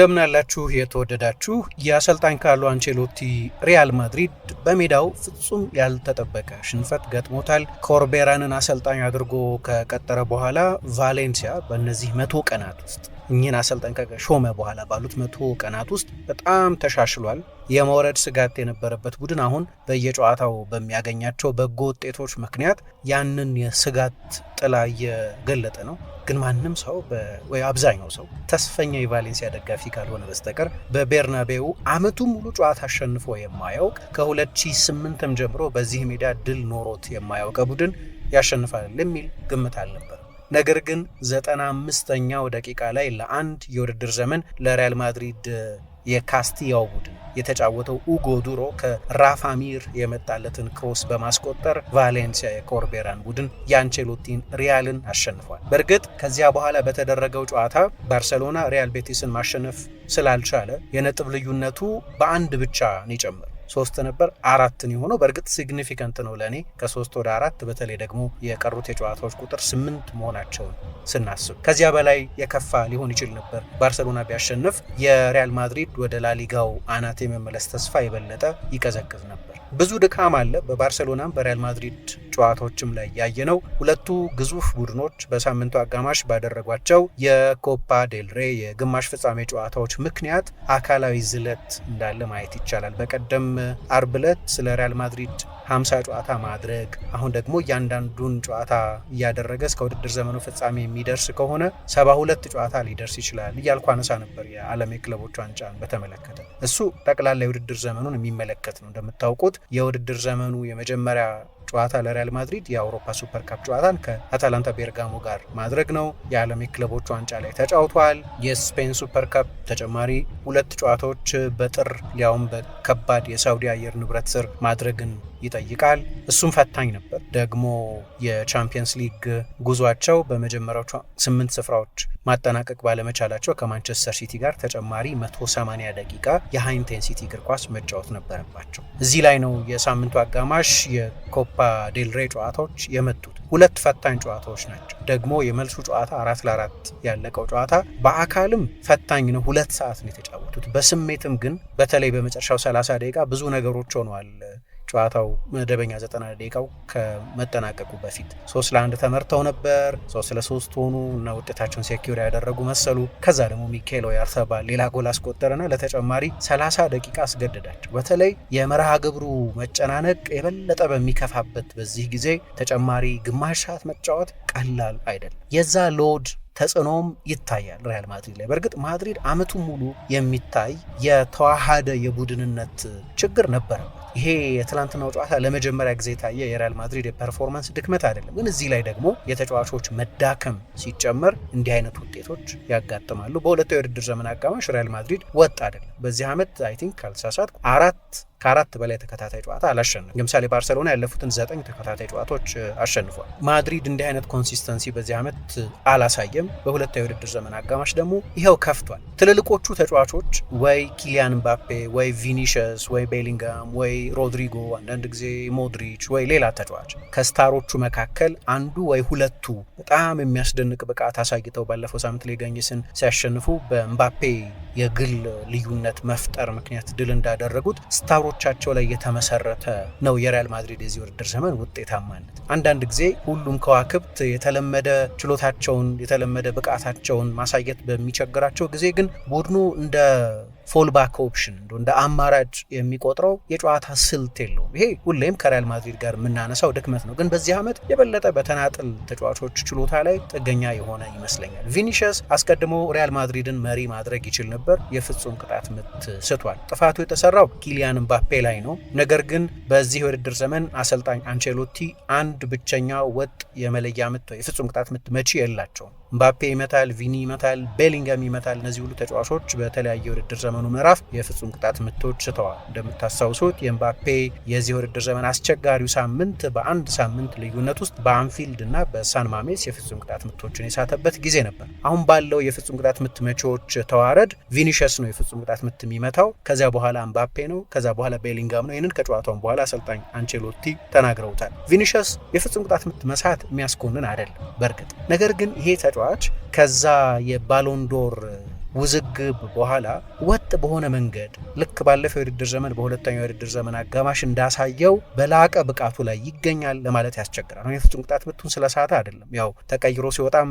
እንደምናላችሁ የተወደዳችሁ የአሰልጣኝ ካርሎ አንቸሎቲ ሪያል ማድሪድ በሜዳው ፍጹም ያልተጠበቀ ሽንፈት ገጥሞታል። ኮርቤራንን አሰልጣኝ አድርጎ ከቀጠረ በኋላ ቫሌንሲያ በእነዚህ መቶ ቀናት ውስጥ እኚህን አሰልጣኝ ከሾመ በኋላ ባሉት መቶ ቀናት ውስጥ በጣም ተሻሽሏል። የመውረድ ስጋት የነበረበት ቡድን አሁን በየጨዋታው በሚያገኛቸው በጎ ውጤቶች ምክንያት ያንን የስጋት ጥላ እየገለጠ ነው። ግን ማንም ሰው ወይ አብዛኛው ሰው ተስፈኛ የቫሌንሲያ ደጋፊ ካልሆነ በስተቀር በቤርናቤው አመቱ ሙሉ ጨዋታ አሸንፎ የማያውቅ ከ2008ም ጀምሮ በዚህ ሜዳ ድል ኖሮት የማያውቀ ቡድን ያሸንፋል የሚል ግምት አልነበር። ነገር ግን ዘጠና አምስተኛው ደቂቃ ላይ ለአንድ የውድድር ዘመን ለሪያል ማድሪድ የካስቲያው ቡድን የተጫወተው ኡጎ ዱሮ ከራፋሚር የመጣለትን ክሮስ በማስቆጠር ቫሌንሲያ የኮርቤራን ቡድን የአንቸሎቲን ሪያልን አሸንፏል። በእርግጥ ከዚያ በኋላ በተደረገው ጨዋታ ባርሰሎና ሪያል ቤቲስን ማሸነፍ ስላልቻለ የነጥብ ልዩነቱ በአንድ ብቻ ነው ይጨምር። ሶስት ነበር አራትን የሆነው በእርግጥ ሲግኒፊካንት ነው ለእኔ ከሶስት ወደ አራት በተለይ ደግሞ የቀሩት የጨዋታዎች ቁጥር ስምንት መሆናቸውን ስናስብ ከዚያ በላይ የከፋ ሊሆን ይችል ነበር። ባርሰሎና ቢያሸንፍ የሪያል ማድሪድ ወደ ላሊጋው አናት የመመለስ ተስፋ የበለጠ ይቀዘቅዝ ነበር። ብዙ ድካም አለ። በባርሴሎናም በሪያል ማድሪድ ጨዋታዎችም ላይ ነው። ሁለቱ ግዙፍ ቡድኖች በሳምንቱ አጋማሽ ባደረጓቸው የኮፓ ዴልሬ የግማሽ ፍጻሜ ጨዋታዎች ምክንያት አካላዊ ዝለት እንዳለ ማየት ይቻላል። በቀደም አርብ ዕለት ስለ ሪያል ማድሪድ 50 ጨዋታ ማድረግ አሁን ደግሞ እያንዳንዱን ጨዋታ እያደረገ እስከ ውድድር ዘመኑ ፍጻሜ የሚደርስ ከሆነ 72 ጨዋታ ሊደርስ ይችላል እያልኩ አነሳ ነበር የዓለም የክለቦች ዋንጫን በተመለከተ። እሱ ጠቅላላ የውድድር ዘመኑን የሚመለከት ነው። እንደምታውቁት የውድድር ዘመኑ የመጀመሪያ ጨዋታ ለሪያል ማድሪድ የአውሮፓ ሱፐር ካፕ ጨዋታን ከአታላንታ ቤርጋሞ ጋር ማድረግ ነው። የዓለም የክለቦች ዋንጫ ላይ ተጫውቷል። የስፔን ሱፐር ካፕ ተጨማሪ ሁለት ጨዋታዎች በጥር ሊያውም በከባድ የሳውዲ አየር ንብረት ስር ማድረግን ይጠይቃል። እሱም ፈታኝ ነበር። ደግሞ የቻምፒየንስ ሊግ ጉዟቸው በመጀመሪያዎቹ ስምንት ስፍራዎች ማጠናቀቅ ባለመቻላቸው ከማንቸስተር ሲቲ ጋር ተጨማሪ 180 ደቂቃ የሃይ ኢንቴንሲቲ እግር ኳስ መጫወት ነበረባቸው። እዚህ ላይ ነው የሳምንቱ አጋማሽ የኮፓ ዴልሬ ጨዋታዎች የመጡት። ሁለት ፈታኝ ጨዋታዎች ናቸው። ደግሞ የመልሱ ጨዋታ አራት ለአራት ያለቀው ጨዋታ በአካልም ፈታኝ ነው። ሁለት ሰዓት ነው የተጫወቱት። በስሜትም ግን በተለይ በመጨረሻው 30 ደቂቃ ብዙ ነገሮች ሆነዋል። ጨዋታው መደበኛ ዘጠና ደቂቃው ከመጠናቀቁ በፊት ሶስት ለአንድ ተመርተው ነበር። ሶስት ለሶስት ሆኑ እና ውጤታቸውን ሴኪር ያደረጉ መሰሉ። ከዛ ደግሞ ሚኬሎ ያርሰባል ሌላ ጎል አስቆጠረና ለተጨማሪ 30 ደቂቃ አስገደዳቸው። በተለይ የመርሃ ግብሩ መጨናነቅ የበለጠ በሚከፋበት በዚህ ጊዜ ተጨማሪ ግማሽ ሰዓት መጫወት ቀላል አይደለም። የዛ ሎድ ተጽዕኖም ይታያል ሪያል ማድሪድ ላይ። በእርግጥ ማድሪድ አመቱ ሙሉ የሚታይ የተዋሃደ የቡድንነት ችግር ነበረበት። ይሄ የትላንትናው ጨዋታ ለመጀመሪያ ጊዜ የታየ የሪያል ማድሪድ የፐርፎርማንስ ድክመት አይደለም። ግን እዚህ ላይ ደግሞ የተጫዋቾች መዳከም ሲጨመር እንዲህ አይነት ውጤቶች ያጋጥማሉ። በሁለቱ የውድድር ዘመን አጋማሽ ሪያል ማድሪድ ወጥ አይደለም። በዚህ ዓመት አይ ቲንክ ካልተሳሳትኩ አራት ከአራት በላይ ተከታታይ ጨዋታ አላሸንፍ። ለምሳሌ ባርሰሎና ያለፉትን ዘጠኝ ተከታታይ ጨዋታዎች አሸንፏል። ማድሪድ እንዲህ አይነት ኮንሲስተንሲ በዚህ ዓመት አላሳየም። በሁለት የውድድር ዘመን አጋማሽ ደግሞ ይኸው ከፍቷል። ትልልቆቹ ተጫዋቾች ወይ ኪሊያን ምባፔ ወይ ቪኒሽስ ወይ ቤሊንጋም ወይ ሮድሪጎ፣ አንዳንድ ጊዜ ሞድሪች ወይ ሌላ ተጫዋች ከስታሮቹ መካከል አንዱ ወይ ሁለቱ በጣም የሚያስደንቅ ብቃት አሳይተው ባለፈው ሳምንት ሌጋኝስን ሲያሸንፉ በምባፔ የግል ልዩነት መፍጠር ምክንያት ድል እንዳደረጉት ስታሮ በኮከቦቻቸው ላይ የተመሰረተ ነው የሪያል ማድሪድ የዚህ ውድድር ዘመን ውጤታማነት። አንዳንድ ጊዜ ሁሉም ከዋክብት የተለመደ ችሎታቸውን የተለመደ ብቃታቸውን ማሳየት በሚቸግራቸው ጊዜ ግን ቡድኑ እንደ ፎልባክ ኦፕሽን እንደ አማራጭ የሚቆጥረው የጨዋታ ስልት የለውም። ይሄ ሁሌም ከሪያል ማድሪድ ጋር የምናነሳው ድክመት ነው። ግን በዚህ ዓመት የበለጠ በተናጥል ተጫዋቾች ችሎታ ላይ ጥገኛ የሆነ ይመስለኛል። ቪኒሽስ አስቀድሞ ሪያል ማድሪድን መሪ ማድረግ ይችል ነበር። የፍጹም ቅጣት ምት ስቷል። ጥፋቱ የተሰራው ኪሊያን ምባፔ ላይ ነው። ነገር ግን በዚህ የውድድር ዘመን አሰልጣኝ አንቸሎቲ አንድ ብቸኛ ወጥ የመለያ ምት የፍጹም ቅጣት ምት መቺ የላቸውም። ምባፔ ይመታል፣ ቪኒ ይመታል፣ ቤሊንገም ይመታል። እነዚህ ሁሉ ተጫዋቾች በተለያየ ውድድር ዘመኑ ምዕራፍ የፍጹም ቅጣት ምቶች ስተዋል። እንደምታስታውሱት የምባፔ የዚህ ውድድር ዘመን አስቸጋሪው ሳምንት በአንድ ሳምንት ልዩነት ውስጥ በአንፊልድ እና በሳን ማሜስ የፍጹም ቅጣት ምቶችን የሳተበት ጊዜ ነበር። አሁን ባለው የፍጹም ቅጣት ምት መቼዎች ተዋረድ ቪኒሸስ ነው የፍጹም ቅጣት ምት የሚመታው። ከዚያ በኋላ ምባፔ ነው። ከዚያ በኋላ ቤሊንጋም ነው። ይህንን ከጨዋታውን በኋላ አሰልጣኝ አንቼሎቲ ተናግረውታል። ቪኒሸስ የፍጹም ቅጣት ምት መሳት የሚያስኮንን አይደለም በእርግጥ ነገር ግን ይሄ ተጫዋች ከዛ የባሎንዶር ውዝግብ በኋላ ወጥ በሆነ መንገድ ልክ ባለፈው የውድድር ዘመን በሁለተኛው የውድድር ዘመን አጋማሽ እንዳሳየው በላቀ ብቃቱ ላይ ይገኛል ለማለት ያስቸግራል። አሁን የፍጹም ቅጣት ምቱን ሰዓት አይደለም። ያው ተቀይሮ ሲወጣም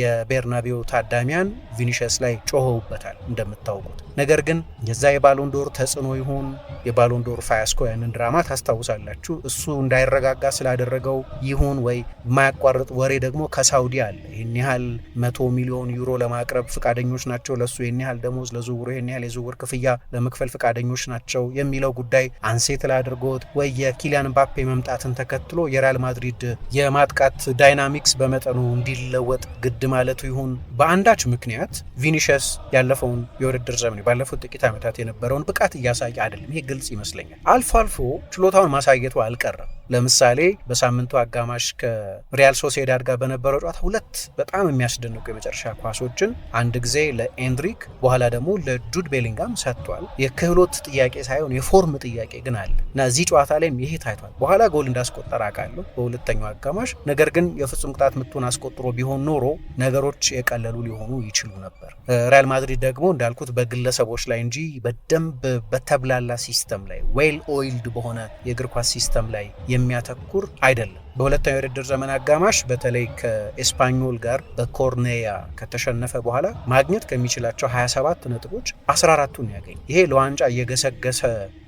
የቤርናቤው ታዳሚያን ቪኒሸስ ላይ ጮኸውበታል እንደምታውቁት። ነገር ግን የዛ የባሎንዶር ተጽዕኖ ይሁን የባሎንዶር ፋያስኮ ያንን ድራማ ታስታውሳላችሁ። እሱ እንዳይረጋጋ ስላደረገው ይሁን ወይ የማያቋርጥ ወሬ ደግሞ ከሳውዲ አለ። ይህን ያህል መቶ ሚሊዮን ዩሮ ለማቅረብ ፈቃደኞች ናቸው ለሱ ይህን ያህል ደሞዝ፣ ለዝውውሩ ይህን ያህል የዝውውር ክፍያ ለመክፈል ፈቃደኞች ናቸው የሚለው ጉዳይ አንሴት ላድርጎት ወይ የኪሊያን ምባፔ መምጣትን ተከትሎ የሪያል ማድሪድ የማጥቃት ዳይናሚክስ በመጠኑ እንዲለወጥ ግድ ማለቱ ይሁን በአንዳች ምክንያት ቪኒሸስ ያለፈውን የውድድር ዘመን ባለፉት ጥቂት ዓመታት የነበረውን ብቃት እያሳየ አይደለም። ይሄ ግልጽ ይመስለኛል። አልፎ አልፎ ችሎታውን ማሳየቱ አልቀረም። ለምሳሌ በሳምንቱ አጋማሽ ከሪያል ሶሴዳድ ጋር በነበረው ጨዋታ ሁለት በጣም የሚያስደንቁ የመጨረሻ ኳሶችን አንድ ጊዜ ለኤንድሪክ በኋላ ደግሞ ለጁድ ቤሊንጋም ሰጥቷል። የክህሎት ጥያቄ ሳይሆን የፎርም ጥያቄ ግን አለ እና እዚህ ጨዋታ ላይም ይሄ ታይቷል። በኋላ ጎል እንዳስቆጠረ አውቃለሁ በሁለተኛው አጋማሽ። ነገር ግን የፍጹም ቅጣት ምቱን አስቆጥሮ ቢሆን ኖሮ ነገሮች የቀለሉ ሊሆኑ ይችሉ ነበር። ሪያል ማድሪድ ደግሞ እንዳልኩት በግለሰቦች ላይ እንጂ በደንብ በተብላላ ሲስተም ላይ ዌል ኦይልድ በሆነ የእግር ኳስ ሲስተም ላይ የሚያተኩር አይደለም። በሁለተኛው የውድድር ዘመን አጋማሽ በተለይ ከኤስፓኞል ጋር በኮርኔያ ከተሸነፈ በኋላ ማግኘት ከሚችላቸው 27 ነጥቦች 14ቱን ያገኝ። ይሄ ለዋንጫ እየገሰገሰ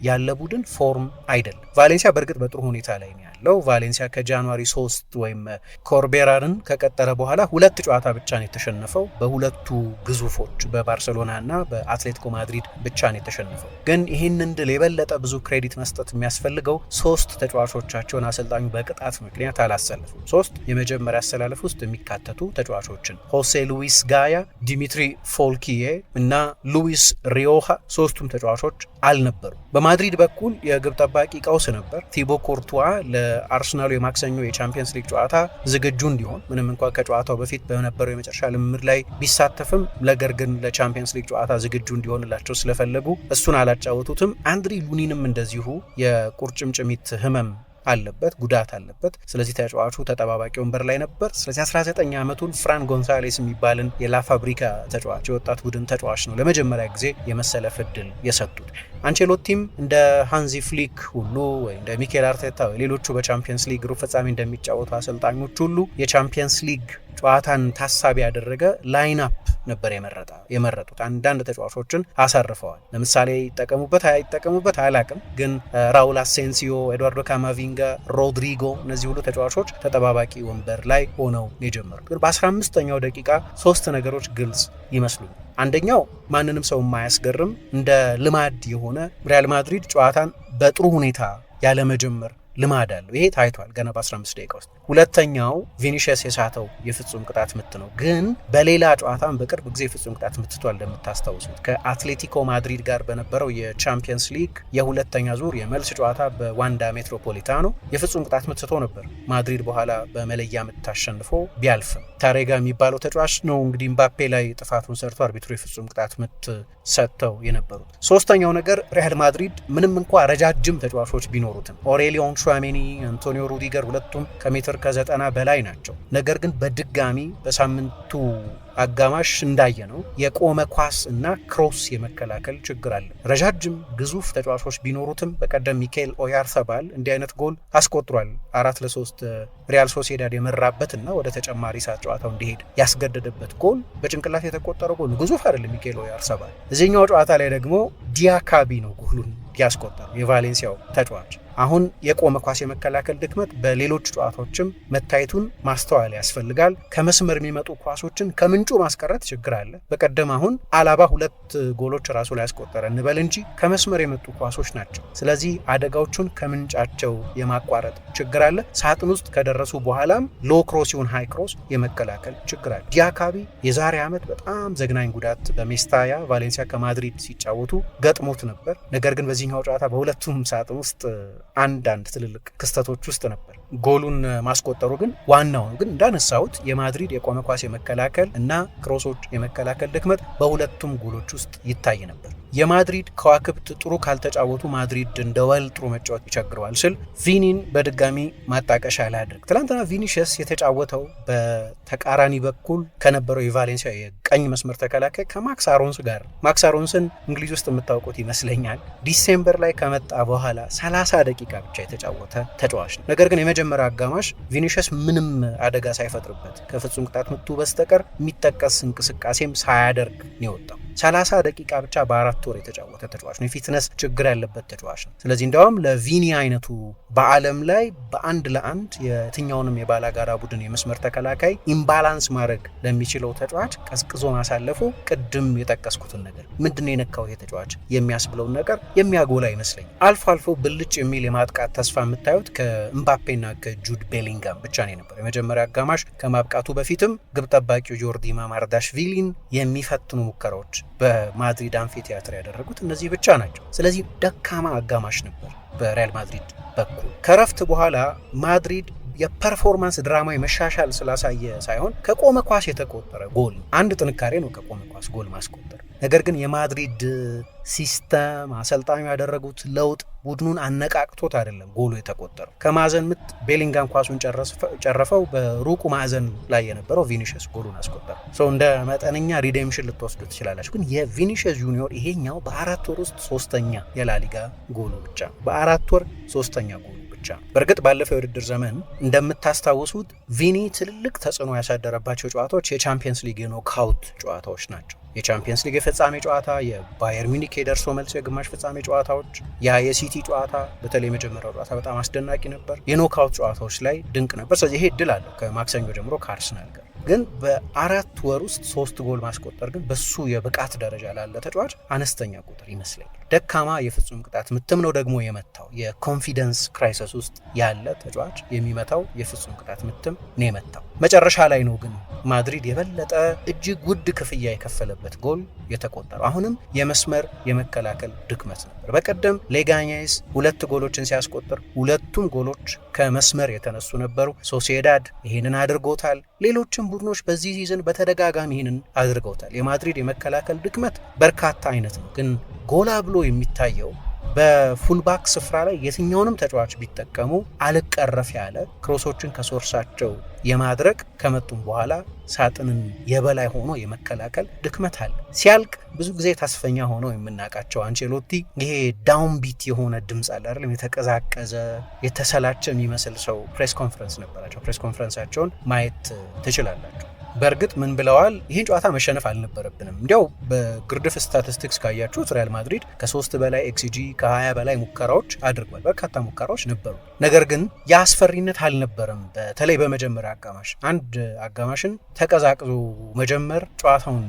ያለ ቡድን ፎርም አይደለም። ቫሌንሲያ በእርግጥ በጥሩ ሁኔታ ላይ ነው ያለው። ቫሌንሲያ ከጃንዋሪ 3 ወይም ኮርቤራርን ከቀጠረ በኋላ ሁለት ጨዋታ ብቻ ነው የተሸነፈው። በሁለቱ ግዙፎች በባርሴሎና እና በአትሌቲኮ ማድሪድ ብቻ ነው የተሸነፈው። ግን ይህንን ድል የበለጠ ብዙ ክሬዲት መስጠት የሚያስፈልገው ሶስት ተጫዋቾቻቸውን አሰልጣኙ በቅጣት ነው ምክንያት አላሰለፉም። ሶስት የመጀመሪያ አሰላለፍ ውስጥ የሚካተቱ ተጫዋቾችን ሆሴ ሉዊስ ጋያ፣ ዲሚትሪ ፎልኪዬ እና ሉዊስ ሪዮሃ ሶስቱም ተጫዋቾች አልነበሩ። በማድሪድ በኩል የግብ ጠባቂ ቀውስ ነበር። ቲቦ ኮርቱዋ ለአርሰናሉ የማክሰኞ የቻምፒየንስ ሊግ ጨዋታ ዝግጁ እንዲሆን ምንም እንኳ ከጨዋታው በፊት በነበረው የመጨረሻ ልምምድ ላይ ቢሳተፍም ነገር ግን ለቻምፒየንስ ሊግ ጨዋታ ዝግጁ እንዲሆንላቸው ስለፈለጉ እሱን አላጫወቱትም። አንድሪ ሉኒንም እንደዚሁ የቁርጭምጭሚት ህመም አለበት፣ ጉዳት አለበት። ስለዚህ ተጫዋቹ ተጠባባቂ ወንበር ላይ ነበር። ስለዚህ 19 ዓመቱን ፍራን ጎንሳሌስ የሚባልን የላ ፋብሪካ ተጫዋች የወጣት ቡድን ተጫዋች ነው ለመጀመሪያ ጊዜ የመሰለፍ እድል የሰጡት። አንቸሎቲም እንደ ሃንዚ ፍሊክ ሁሉ ወይ እንደ ሚኬል አርቴታ ወይ ሌሎቹ በቻምፒየንስ ሊግ ሩብ ፍጻሜ እንደሚጫወቱ አሰልጣኞች ሁሉ የቻምፒየንስ ሊግ ጨዋታን ታሳቢ ያደረገ ላይናፕ ነበር የመረጡት። አንዳንድ ተጫዋቾችን አሳርፈዋል። ለምሳሌ ይጠቀሙበት አይጠቀሙበት አላቅም፣ ግን ራውል አሴንሲዮ፣ ኤድዋርዶ ካማቪንጋ፣ ሮድሪጎ እነዚህ ሁሉ ተጫዋቾች ተጠባባቂ ወንበር ላይ ሆነው የጀመሩት። ግን በ15ኛው ደቂቃ ሶስት ነገሮች ግልጽ ይመስሉ። አንደኛው ማንንም ሰው የማያስገርም እንደ ልማድ የሆነ ሪያል ማድሪድ ጨዋታን በጥሩ ሁኔታ ያለመጀመር ልማድ አለው። ይሄ ታይቷል ገና በ15 ደቂቃ ውስጥ። ሁለተኛው ቪኒሽስ የሳተው የፍጹም ቅጣት ምት ነው። ግን በሌላ ጨዋታም በቅርብ ጊዜ የፍጹም ቅጣት ምትቷል እንደምታስታውሱት ከአትሌቲኮ ማድሪድ ጋር በነበረው የቻምፒየንስ ሊግ የሁለተኛ ዙር የመልስ ጨዋታ በዋንዳ ሜትሮፖሊታኖ የፍጹም ቅጣት ምትቶ ነበር። ማድሪድ በኋላ በመለያ ምት አሸንፎ ቢያልፍም ታሬጋ የሚባለው ተጫዋች ነው እንግዲህ ምባፔ ላይ ጥፋቱን ሰርቶ አርቢትሮ የፍጹም ቅጣት ምት ሰጥተው የነበሩት። ሶስተኛው ነገር ሪያል ማድሪድ ምንም እንኳ ረጃጅም ተጫዋቾች ቢኖሩትም ኦሬሊዮን ቹዋሜኒ፣ አንቶኒዮ ሩዲገር ሁለቱም ከሜትር ከዘጠና በላይ ናቸው። ነገር ግን በድጋሚ በሳምንቱ አጋማሽ እንዳየ ነው የቆመ ኳስ እና ክሮስ የመከላከል ችግር አለ። ረዣጅም ግዙፍ ተጫዋቾች ቢኖሩትም በቀደም ሚካኤል ኦያርሰባል እንዲህ አይነት ጎል አስቆጥሯል። አራት ለሶስት ሪያል ሶሴዳድ የመራበት እና ወደ ተጨማሪ ሰዓት ጨዋታው እንዲሄድ ያስገደደበት ጎል በጭንቅላት የተቆጠረ ጎል ግዙፍ አይደለም። ሚካኤል ኦያርሰባል እዚህኛው ጨዋታ ላይ ደግሞ ዲያካቢ ነው ጎሉን ያስቆጠረው የቫሌንሲያው ተጫዋች አሁን የቆመ ኳስ የመከላከል ድክመት በሌሎች ጨዋታዎችም መታየቱን ማስተዋል ያስፈልጋል። ከመስመር የሚመጡ ኳሶችን ከምንጩ ማስቀረት ችግር አለ። በቀደም አሁን አላባ ሁለት ጎሎች ራሱ ላይ ያስቆጠረ እንበል እንጂ ከመስመር የመጡ ኳሶች ናቸው። ስለዚህ አደጋዎቹን ከምንጫቸው የማቋረጥ ችግር አለ። ሳጥን ውስጥ ከደረሱ በኋላም ሎ ክሮስ ይሁን ሃይ ክሮስ የመከላከል ችግር አለ። ዲያካቢ የዛሬ ዓመት በጣም ዘግናኝ ጉዳት በሜስታያ ቫሌንሲያ ከማድሪድ ሲጫወቱ ገጥሞት ነበር። ነገር ግን በዚህኛው ጨዋታ በሁለቱም ሳጥን ውስጥ አንዳንድ ትልልቅ ክስተቶች ውስጥ ነበር። ጎሉን ማስቆጠሩ ግን ዋናው ነው። ግን እንዳነሳሁት የማድሪድ የቆመ ኳስ የመከላከል እና ክሮሶች የመከላከል ድክመት በሁለቱም ጎሎች ውስጥ ይታይ ነበር። የማድሪድ ከዋክብት ጥሩ ካልተጫወቱ ማድሪድ እንደ ወል ጥሩ መጫወት ይቸግረዋል ስል ቪኒን በድጋሚ ማጣቀሻ ላድርግ። ትናንትና ቪኒሽስ የተጫወተው በተቃራኒ በኩል ከነበረው የቫሌንሲያ የቀኝ መስመር ተከላካይ ከማክስ አሮንስ ጋር ማክስ አሮንስን እንግሊዝ ውስጥ የምታውቁት ይመስለኛል። ዲሴምበር ላይ ከመጣ በኋላ 30 ደቂቃ ብቻ የተጫወተ ተጫዋች ነው። ነገር ግን በመጀመሪያ አጋማሽ ቪኒሽስ ምንም አደጋ ሳይፈጥርበት ከፍጹም ቅጣት ምቱ በስተቀር የሚጠቀስ እንቅስቃሴም ሳያደርግ ነው የወጣው። 30 ደቂቃ ብቻ በአራት ወር የተጫወተ ተጫዋች ነው። የፊትነስ ችግር ያለበት ተጫዋች ነው። ስለዚህ እንዲያውም ለቪኒ አይነቱ በዓለም ላይ በአንድ ለአንድ የትኛውንም የባላጋራ ቡድን የመስመር ተከላካይ ኢምባላንስ ማድረግ ለሚችለው ተጫዋች ቀዝቅዞ ማሳለፉ ቅድም የጠቀስኩትን ነገር ምንድን ነው የነካው ይሄ ተጫዋች የሚያስብለውን ነገር የሚያጎላ ይመስለኝ። አልፎ አልፎ ብልጭ የሚል የማጥቃት ተስፋ የምታዩት ከእምባፔን እና ከጁድ ቤሊንጋም ብቻ ነው የነበረው። የመጀመሪያ አጋማሽ ከማብቃቱ በፊትም ግብ ጠባቂው ጆርዲ ማማርዳሽቪሊን የሚፈትኑ ሙከራዎች በማድሪድ አምፊቲያትር ያደረጉት እነዚህ ብቻ ናቸው። ስለዚህ ደካማ አጋማሽ ነበር በሪያል ማድሪድ በኩል። ከረፍት በኋላ ማድሪድ የፐርፎርማንስ ድራማዊ መሻሻል ስላሳየ ሳይሆን ከቆመ ኳስ የተቆጠረ ጎል አንድ ጥንካሬ ነው፣ ከቆመ ኳስ ጎል ማስቆጠር። ነገር ግን የማድሪድ ሲስተም አሰልጣኙ ያደረጉት ለውጥ ቡድኑን አነቃቅቶት አይደለም ጎሉ የተቆጠረው። ከማዕዘን ምት ቤሊንጋም ኳሱን ጨረፈው። በሩቁ ማዕዘን ላይ የነበረው ቪኒሽስ ጎሉን አስቆጠረ። ሰው እንደ መጠነኛ ሪዴምሽን ልትወስዱ ትችላላችሁ። ግን የቪኒሽስ ጁኒዮር ይሄኛው በአራት ወር ውስጥ ሶስተኛ የላሊጋ ጎሉ ብቻ ነው። በአራት ወር ሶስተኛ ጎሉ በእርግጥ ባለፈው የውድድር ዘመን እንደምታስታውሱት ቪኒ ትልልቅ ተጽዕኖ ያሳደረባቸው ጨዋታዎች የቻምፒየንስ ሊግ የኖካውት ጨዋታዎች ናቸው። የቻምፒየንስ ሊግ የፍጻሜ ጨዋታ፣ የባየር ሚኒክ የደርሶ መልስ የግማሽ ፍጻሜ ጨዋታዎች፣ ያ የሲቲ ጨዋታ በተለይ የመጀመሪያው ጨዋታ በጣም አስደናቂ ነበር። የኖክአውት ጨዋታዎች ላይ ድንቅ ነበር። ስለዚህ ይሄ እድል አለው ከማክሰኞ ጀምሮ ከአርሰናል ጋር ግን በአራት ወር ውስጥ ሶስት ጎል ማስቆጠር ግን በሱ የብቃት ደረጃ ላለ ተጫዋች አነስተኛ ቁጥር ይመስለኛል። ደካማ የፍጹም ቅጣት ምትም ነው ደግሞ የመታው። የኮንፊደንስ ክራይሰስ ውስጥ ያለ ተጫዋች የሚመታው የፍጹም ቅጣት ምትም ነው የመታው። መጨረሻ ላይ ነው ግን ማድሪድ የበለጠ እጅግ ውድ ክፍያ የከፈለበት ጎል የተቆጠረው። አሁንም የመስመር የመከላከል ድክመት ነበር። በቀደም ሌጋኛይስ ሁለት ጎሎችን ሲያስቆጥር ሁለቱም ጎሎች ከመስመር የተነሱ ነበሩ። ሶሲዳድ ይህንን አድርጎታል። ሌሎችም ቡድኖች በዚህ ሲዝን በተደጋጋሚ ይህንን አድርገውታል። የማድሪድ የመከላከል ድክመት በርካታ አይነት ነው፣ ግን ጎላ ብሎ የሚታየው በፉልባክ ስፍራ ላይ የትኛውንም ተጫዋች ቢጠቀሙ አልቀረፍ ያለ ክሮሶችን ከሶርሳቸው የማድረግ ከመጡም በኋላ ሳጥንን የበላይ ሆኖ የመከላከል ድክመት አለ። ሲያልቅ ብዙ ጊዜ ተስፈኛ ሆነው የምናውቃቸው አንቼሎቲ ይሄ ዳውን ቢት የሆነ ድምፅ አለ አይደለም፣ የተቀዛቀዘ የተሰላቸ የሚመስል ሰው ፕሬስ ኮንፈረንስ ነበራቸው። ፕሬስ ኮንፈረንሳቸውን ማየት ትችላላቸው። በእርግጥ ምን ብለዋል? ይህን ጨዋታ መሸነፍ አልነበረብንም። እንዲያው በግርድፍ ስታቲስቲክስ ካያችሁት ሪያል ማድሪድ ከሶስት በላይ ኤክስጂ ከ20 በላይ ሙከራዎች አድርጓል። በርካታ ሙከራዎች ነበሩ። ነገር ግን የአስፈሪነት አልነበረም። በተለይ በመጀመሪያ አጋማሽ አንድ አጋማሽን ተቀዛቅዞ መጀመር ጨዋታውን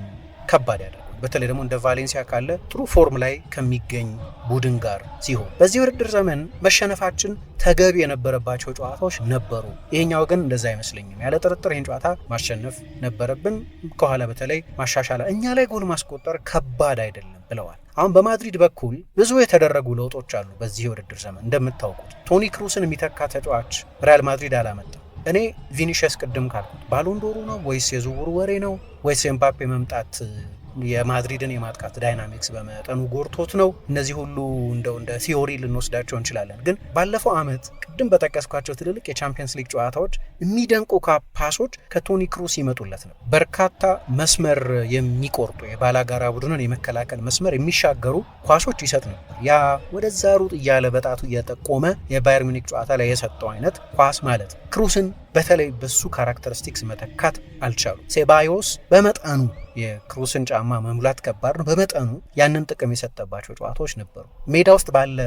ከባድ ያደርጋል። በተለይ ደግሞ እንደ ቫሌንሲያ ካለ ጥሩ ፎርም ላይ ከሚገኝ ቡድን ጋር ሲሆን በዚህ ውድድር ዘመን መሸነፋችን ተገቢ የነበረባቸው ጨዋታዎች ነበሩ። ይሄኛው ግን እንደዛ አይመስለኝም። ያለ ጥርጥር ይህን ጨዋታ ማሸነፍ ነበረብን። ከኋላ በተለይ ማሻሻላ እኛ ላይ ጎል ማስቆጠር ከባድ አይደለም ብለዋል። አሁን በማድሪድ በኩል ብዙ የተደረጉ ለውጦች አሉ። በዚህ የውድድር ዘመን እንደምታውቁት ቶኒ ክሩስን የሚተካ ተጫዋች ሪያል ማድሪድ አላመጣም። እኔ ቪኒሽስ ቅድም ካልኩት ባሎንዶሩ ነው ወይስ የዝውውሩ ወሬ ነው ወይስ የምባፔ መምጣት የማድሪድን የማጥቃት ዳይናሚክስ በመጠኑ ጎርቶት ነው። እነዚህ ሁሉ እንደው እንደ ቲዮሪ ልንወስዳቸው እንችላለን። ግን ባለፈው ዓመት ቅድም በጠቀስኳቸው ትልልቅ የቻምፒየንስ ሊግ ጨዋታዎች የሚደንቁ ኳሶች ከቶኒ ክሩስ ይመጡለት ነው። በርካታ መስመር የሚቆርጡ የባላጋራ ቡድንን የመከላከል መስመር የሚሻገሩ ኳሶች ይሰጥ ነበር። ያ ወደዛ ሩጥ እያለ በጣቱ እየጠቆመ የባየር ሚኒክ ጨዋታ ላይ የሰጠው አይነት ኳስ ማለት ነው። ክሩስን በተለይ በሱ ካራክተሪስቲክስ መተካት አልቻሉ። ሴባዮስ በመጠኑ የክሩስን ጫማ መሙላት ከባድ ነው። በመጠኑ ያንን ጥቅም የሰጠባቸው ጨዋታዎች ነበሩ። ሜዳ ውስጥ ባለ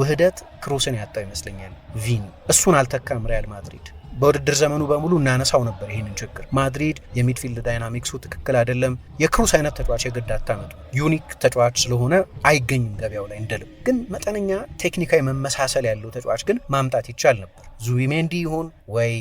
ውህደት ክሩስን ያጣው ይመስለኛል ቪኒ። እሱን አልተካም ሪያል ማድሪድ። በውድድር ዘመኑ በሙሉ እናነሳው ነበር ይህንን ችግር። ማድሪድ የሚድፊልድ ዳይናሚክሱ ትክክል አይደለም። የክሩስ አይነት ተጫዋች የግድ አታመጡ። ዩኒክ ተጫዋች ስለሆነ አይገኝም ገበያው ላይ እንደልብ። ግን መጠነኛ ቴክኒካዊ መመሳሰል ያለው ተጫዋች ግን ማምጣት ይቻል ነበር። ዙቢሜንዲ ይሁን ወይ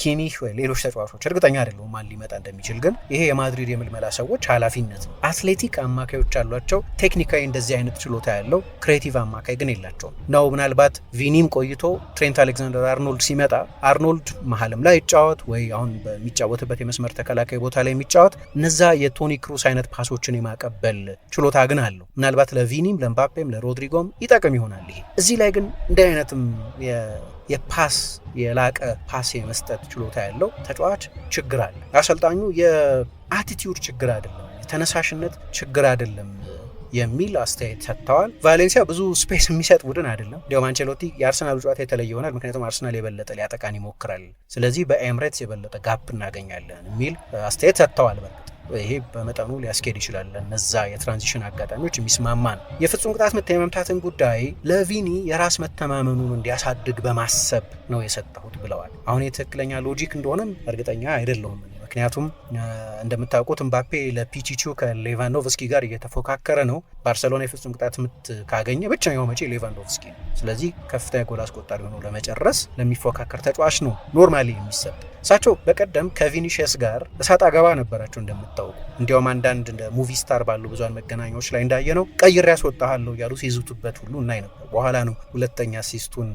ኪኒሽ ወይ ሌሎች ተጫዋቾች እርግጠኛ አይደለሁ ማን ሊመጣ እንደሚችል ግን ይሄ የማድሪድ የምልመላ ሰዎች ኃላፊነት ነው። አትሌቲክ አማካዮች አሏቸው። ቴክኒካዊ እንደዚህ አይነት ችሎታ ያለው ክሬቲቭ አማካይ ግን የላቸውም ነው። ምናልባት ቪኒም ቆይቶ ትሬንት አሌክዛንደር አርኖልድ ሲመጣ አርኖልድ መሀልም ላይ ይጫወት ወይ አሁን በሚጫወትበት የመስመር ተከላካይ ቦታ ላይ የሚጫወት እነዛ የቶኒ ክሩስ አይነት ፓሶችን የማቀበል ችሎታ ግን አለው። ምናልባት ለቪኒም ለምባፔም ለሮድሪጎም ይጠቅም ይሆናል። ይሄ እዚህ ላይ ግን እንደ አይነትም የፓስ የላቀ ፓስ የመስጠት ችሎታ ያለው ተጫዋች ችግር አለ። አሰልጣኙ የአቲቲዩድ ችግር አይደለም፣ የተነሳሽነት ችግር አይደለም የሚል አስተያየት ሰጥተዋል። ቫሌንሲያ ብዙ ስፔስ የሚሰጥ ቡድን አይደለም። እንዲሁም አንቸሎቲ የአርሰናል ጨዋታ የተለየ ይሆናል፣ ምክንያቱም አርሰናል የበለጠ ሊያጠቃን ይሞክራል። ስለዚህ በኤምሬትስ የበለጠ ጋፕ እናገኛለን የሚል አስተያየት ሰጥተዋል። ይሄ በመጠኑ ሊያስኬድ ይችላል። እነዛ የትራንዚሽን አጋጣሚዎች የሚስማማ ነው። የፍጹም ቅጣት ምት የመምታትን ጉዳይ ለቪኒ የራስ መተማመኑን እንዲያሳድግ በማሰብ ነው የሰጠሁት ብለዋል። አሁን የትክክለኛ ሎጂክ እንደሆነም እርግጠኛ አይደለሁም። ምክንያቱም እንደምታውቁት እምባፔ ለፒቺቹ ከሌቫንዶቭስኪ ጋር እየተፎካከረ ነው። ባርሰሎና የፍጹም ቅጣት ምት ካገኘ ብቸኛው መጪ ሌቫንዶቭስኪ ነው። ስለዚህ ከፍተኛ ጎል አስቆጣሪ ሆኖ ለመጨረስ ለሚፎካከር ተጫዋች ነው ኖርማሊ የሚሰጥ። እሳቸው በቀደም ከቪኒሽስ ጋር እሳት አገባ ነበራቸው እንደምታውቁ። እንዲያውም አንዳንድ እንደ ሙቪ ስታር ባሉ ብዙሃን መገናኛዎች ላይ እንዳየ ነው ቀይር ያስወጣሃለሁ እያሉ ሲዝቱበት ሁሉ እናይ ነበር። በኋላ ነው ሁለተኛ ሲስቱን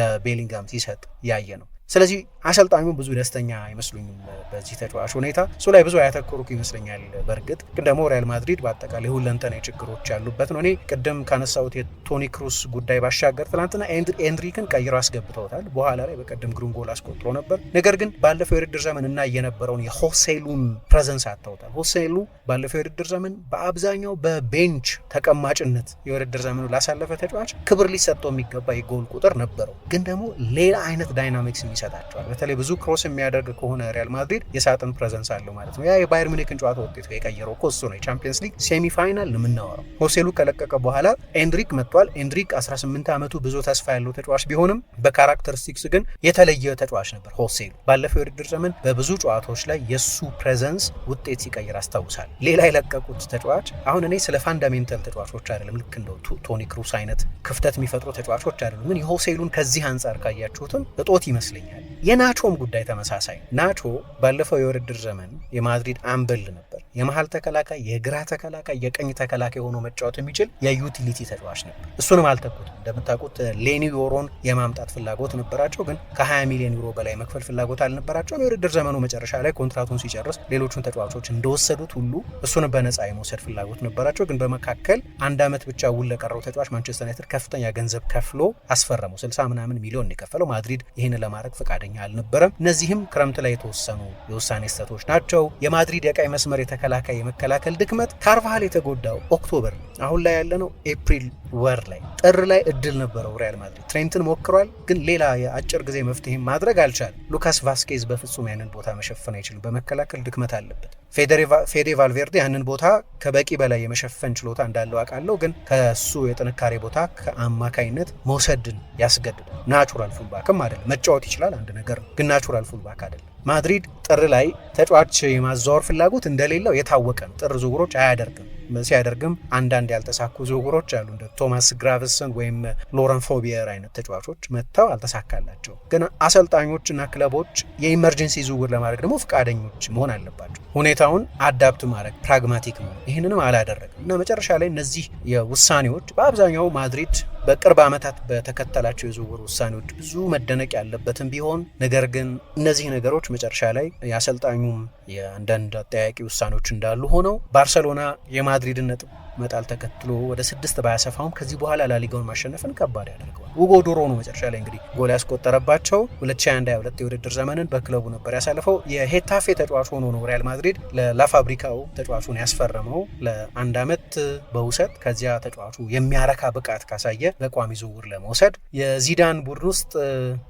ለቤሊንጋም ሲሰጥ ያየ ነው። ስለዚህ አሰልጣኙ ብዙ ደስተኛ አይመስሉኝም በዚህ ተጫዋች ሁኔታ። እሱ ላይ ብዙ ያተኮሩ ይመስለኛል። በእርግጥ ግን ደግሞ ሪያል ማድሪድ በአጠቃላይ ሁለንተና ችግሮች ያሉበት ነው። እኔ ቅድም ካነሳሁት የቶኒ ክሩስ ጉዳይ ባሻገር ትናንትና ኤንድሪክን ቀይሮ አስገብተውታል። በኋላ ላይ በቀደም ግሩም ጎል አስቆጥሮ ነበር። ነገር ግን ባለፈው የውድድር ዘመን እና የነበረውን የሆሴሉን ፕሬዘንስ አጥተውታል። ሆሴሉ ባለፈው የውድድር ዘመን በአብዛኛው በቤንች ተቀማጭነት የውድድር ዘመኑ ላሳለፈ ተጫዋች ክብር ሊሰጠው የሚገባ የጎል ቁጥር ነበረው። ግን ደግሞ ሌላ አይነት ዳይናሚክስ የሚሰ ይሰጣቸዋል። በተለይ ብዙ ክሮስ የሚያደርግ ከሆነ ሪያል ማድሪድ የሳጥን ፕሬዘንስ አለው ማለት ነው። ያ የባየር ሚኒክን ጨዋታ ውጤት የቀየረው እኮ እሱ ነው። የቻምፒየንስ ሊግ ሴሚፋይናል ነው የምናወራው። ሆሴሉ ከለቀቀ በኋላ ኤንድሪክ መጥቷል። ኤንድሪክ 18 ዓመቱ ብዙ ተስፋ ያለው ተጫዋች ቢሆንም በካራክተሪስቲክስ ግን የተለየ ተጫዋች ነበር። ሆሴሉ ባለፈው የውድድር ዘመን በብዙ ጨዋታዎች ላይ የእሱ ፕሬዘንስ ውጤት ሲቀይር አስታውሳል። ሌላ የለቀቁት ተጫዋች አሁን እኔ ስለ ፋንዳሜንታል ተጫዋቾች አይደለም ልክ እንደው ቶኒ ክሩስ አይነት ክፍተት የሚፈጥሩ ተጫዋቾች አይደሉም። ግን የሆሴሉን ከዚህ አንጻር ካያችሁትም እጦት ይመስለኛል የናቾም ጉዳይ ተመሳሳይ። ናቾ ባለፈው የውድድር ዘመን የማድሪድ አምበል ነበር። የመሀል ተከላካይ፣ የግራ ተከላካይ፣ የቀኝ ተከላካይ ሆኖ መጫወት የሚችል የዩቲሊቲ ተጫዋች ነበር። እሱንም አልተኩትም። እንደምታውቁት ሌኒ ዮሮን የማምጣት ፍላጎት ነበራቸው፣ ግን ከ20 ሚሊዮን ዩሮ በላይ መክፈል ፍላጎት አልነበራቸውም። የውድድር ዘመኑ መጨረሻ ላይ ኮንትራቱን ሲጨርስ ሌሎቹን ተጫዋቾች እንደወሰዱት ሁሉ እሱን በነፃ የመውሰድ ፍላጎት ነበራቸው፣ ግን በመካከል አንድ አመት ብቻ ውል ለቀረው ተጫዋች ማንቸስተር ዩናይትድ ከፍተኛ ገንዘብ ከፍሎ አስፈረመው። 60 ምናምን ሚሊዮን የከፈለው ማድሪድ ይህን ለማድረግ ለማድረግ ፈቃደኛ አልነበረም። እነዚህም ክረምት ላይ የተወሰኑ የውሳኔ ስህተቶች ናቸው። የማድሪድ የቀይ መስመር የተከላካይ የመከላከል ድክመት፣ ካርቫሃል የተጎዳው ኦክቶበር፣ አሁን ላይ ያለነው ኤፕሪል ወር ላይ ጥር ላይ እድል ነበረው ሪያል ማድሪድ። ትሬንትን ሞክሯል፣ ግን ሌላ የአጭር ጊዜ መፍትሄ ማድረግ አልቻለም። ሉካስ ቫስኬዝ በፍጹም ያንን ቦታ መሸፈን አይችልም። በመከላከል ድክመት አለበት። ፌዴ ቫልቬርዴ ያንን ቦታ ከበቂ በላይ የመሸፈን ችሎታ እንዳለው አውቃለሁ፣ ግን ከሱ የጥንካሬ ቦታ ከአማካይነት መውሰድን ያስገድዳል። ናቹራል ፉልባክም አይደለም። መጫወት ይችላል አንድ ነገር ነው፣ ግን ናቹራል ፉልባክ አይደለም። ማድሪድ ጥር ላይ ተጫዋች የማዛወር ፍላጎት እንደሌለው የታወቀ ነው። ጥር ዝውውሮች አያደርግም። ሲያደርግም አንዳንድ ያልተሳኩ ዝውውሮች አሉ። እንደ ቶማስ ግራቨስን ወይም ሎረን ፎቢየር አይነት ተጫዋቾች መጥተው አልተሳካላቸው። ግን አሰልጣኞችና ክለቦች የኢመርጀንሲ ዝውውር ለማድረግ ደግሞ ፈቃደኞች መሆን አለባቸው። ሁኔታውን አዳፕት ማድረግ፣ ፕራግማቲክ መሆን ይህንንም አላደረግም እና መጨረሻ ላይ እነዚህ የውሳኔዎች በአብዛኛው ማድሪድ በቅርብ ዓመታት በተከተላቸው የዝውውር ውሳኔዎች ብዙ መደነቅ ያለበትም ቢሆን ነገር ግን እነዚህ ነገሮች መጨረሻ ላይ የአሰልጣኙም የአንዳንድ አጠያቂ ውሳኔዎች እንዳሉ ሆነው ባርሰሎና የማድሪድን ነጥብ መጣል ተከትሎ ወደ ስድስት ባያሰፋውም ከዚህ በኋላ ላሊጋውን ማሸነፍን ከባድ ያደርገዋል። ውጎ ዶሮ ነው መጨረሻ ላይ እንግዲህ ጎል ያስቆጠረባቸው 2021 የውድድር ዘመንን በክለቡ ነበር ያሳልፈው። የሄታፌ ተጫዋች ሆኖ ነው ሪያል ማድሪድ ለላፋብሪካው ተጫዋቹን ያስፈረመው ለአንድ ዓመት በውሰት ከዚያ ተጫዋቹ የሚያረካ ብቃት ካሳየ ለቋሚ ዝውውር ለመውሰድ የዚዳን ቡድን ውስጥ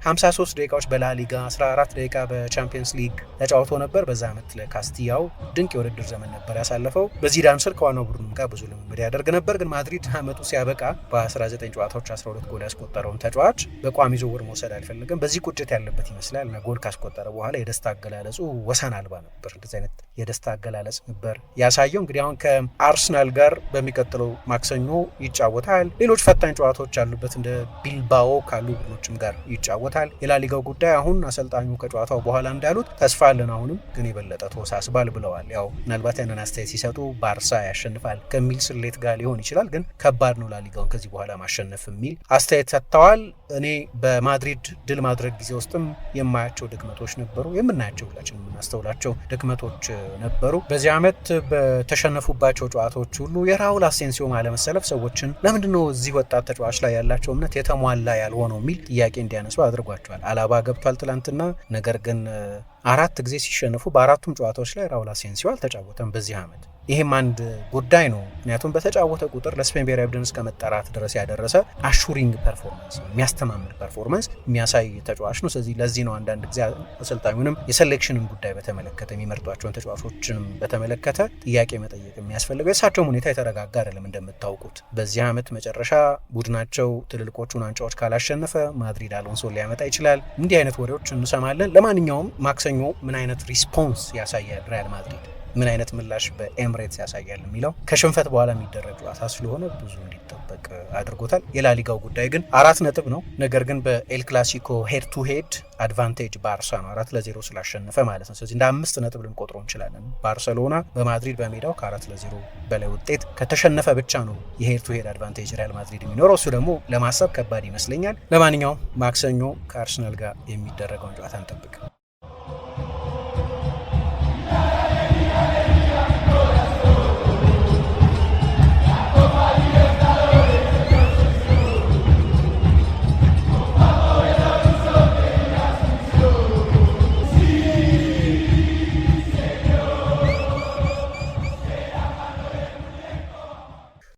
53 ደቂቃዎች በላሊጋ 14 ደቂቃ በቻምፒየንስ ሊግ ተጫውቶ ነበር። በዛ ዓመት ለካስቲያው ድንቅ የውድድር ዘመን ነበር ያሳለፈው። በዚዳን ስር ከዋናው ቡድኑም ጋር ብዙ ልምምድ ያደርግ ነበር። ግን ማድሪድ አመቱ ሲያበቃ በ19 ጨዋታዎች 12 ጎል ያስቆጠረውን ተጫዋች በቋሚ ዝውውር መውሰድ አልፈልግም። በዚህ ቁጭት ያለበት ይመስላል እና ጎል ካስቆጠረ በኋላ የደስታ አገላለጹ ወሰን አልባ ነበር። እንደዚህ አይነት የደስታ አገላለጽ ነበር ያሳየው። እንግዲህ አሁን ከአርሰናል ጋር በሚቀጥለው ማክሰኞ ይጫወታል። ሌሎች ፈታኝ ጨዋታዎች ያሉበት እንደ ቢልባኦ ካሉ ቡድኖችም ጋር ይጫወታል። የላሊጋው ጉዳይ አሁን አሰልጣኙ ከጨዋታው በኋላ እንዳሉት ተስፋ አለን፣ አሁንም ግን የበለጠ ተወሳስባል ብለዋል። ያው ምናልባት ያንን አስተያየት ሲሰጡ ባርሳ ያሸንፋል ከሚል ስሌት ጋር ሊሆን ይችላል፣ ግን ከባድ ነው ላሊጋውን ከዚህ በኋላ ማሸነፍ የሚል አስተያየት ሰጥተዋል። እኔ በማድሪድ ድል ማድረግ ጊዜ ውስጥም የማያቸው ድክመቶች ነበሩ፣ የምናያቸው ሁላችን የምናስተውላቸው ድክመቶች ነበሩ። በዚህ ዓመት በተሸነፉባቸው ጨዋታዎች ሁሉ የራውል አሴንሲዮ አለመሰለፍ ሰዎችን ለምንድነው እዚህ ወጣት ተጫዋች ላይ ያላቸው እምነት የተሟላ ያልሆነው የሚል ጥያቄ እንዲያነሱ አድርጓቸዋል። አላባ ገብቷል ትላንትና ነገር ግን አራት ጊዜ ሲሸነፉ በአራቱም ጨዋታዎች ላይ ራውል አሴንሲዮ አልተጫወተም በዚህ ዓመት። ይህም አንድ ጉዳይ ነው። ምክንያቱም በተጫወተ ቁጥር ለስፔን ብሔራዊ ቡድን እስከ መጠራት ድረስ ያደረሰ አሹሪንግ ፐርፎርማንስ ነው፣ የሚያስተማምር ፐርፎርማንስ የሚያሳይ ተጫዋች ነው። ስለዚህ ለዚህ ነው አንዳንድ ጊዜ አሰልጣኙንም የሴሌክሽንን ጉዳይ በተመለከተ የሚመርጧቸውን ተጫዋቾችንም በተመለከተ ጥያቄ መጠየቅ የሚያስፈልገው። የእሳቸውም ሁኔታ የተረጋጋ አይደለም እንደምታውቁት። በዚህ ዓመት መጨረሻ ቡድናቸው ትልልቆቹን ዋንጫዎች ካላሸነፈ ማድሪድ አሎንሶን ሊያመጣ ይችላል። እንዲህ አይነት ወሬዎች እንሰማለን። ለማንኛውም ማክሰ ሰኞ ምን አይነት ሪስፖንስ ያሳያል ሪያል ማድሪድ ምን አይነት ምላሽ በኤምሬትስ ያሳያል የሚለው ከሽንፈት በኋላ የሚደረግ ጨዋታ ስለሆነ ብዙ እንዲጠበቅ አድርጎታል። የላሊጋው ጉዳይ ግን አራት ነጥብ ነው። ነገር ግን በኤል ክላሲኮ ሄድ ቱ ሄድ አድቫንቴጅ ባርሳ ነው አራት ለዜሮ ስላሸነፈ ማለት ነው። ስለዚህ እንደ አምስት ነጥብ ልንቆጥሮ እንችላለን። ባርሰሎና በማድሪድ በሜዳው ከአራት ለዜሮ በላይ ውጤት ከተሸነፈ ብቻ ነው የሄድ ቱ ሄድ አድቫንቴጅ ሪያል ማድሪድ የሚኖረው። እሱ ደግሞ ለማሰብ ከባድ ይመስለኛል። ለማንኛውም ማክሰኞ ከአርሰናል ጋር የሚደረገውን ጨዋታ እንጠብቅ።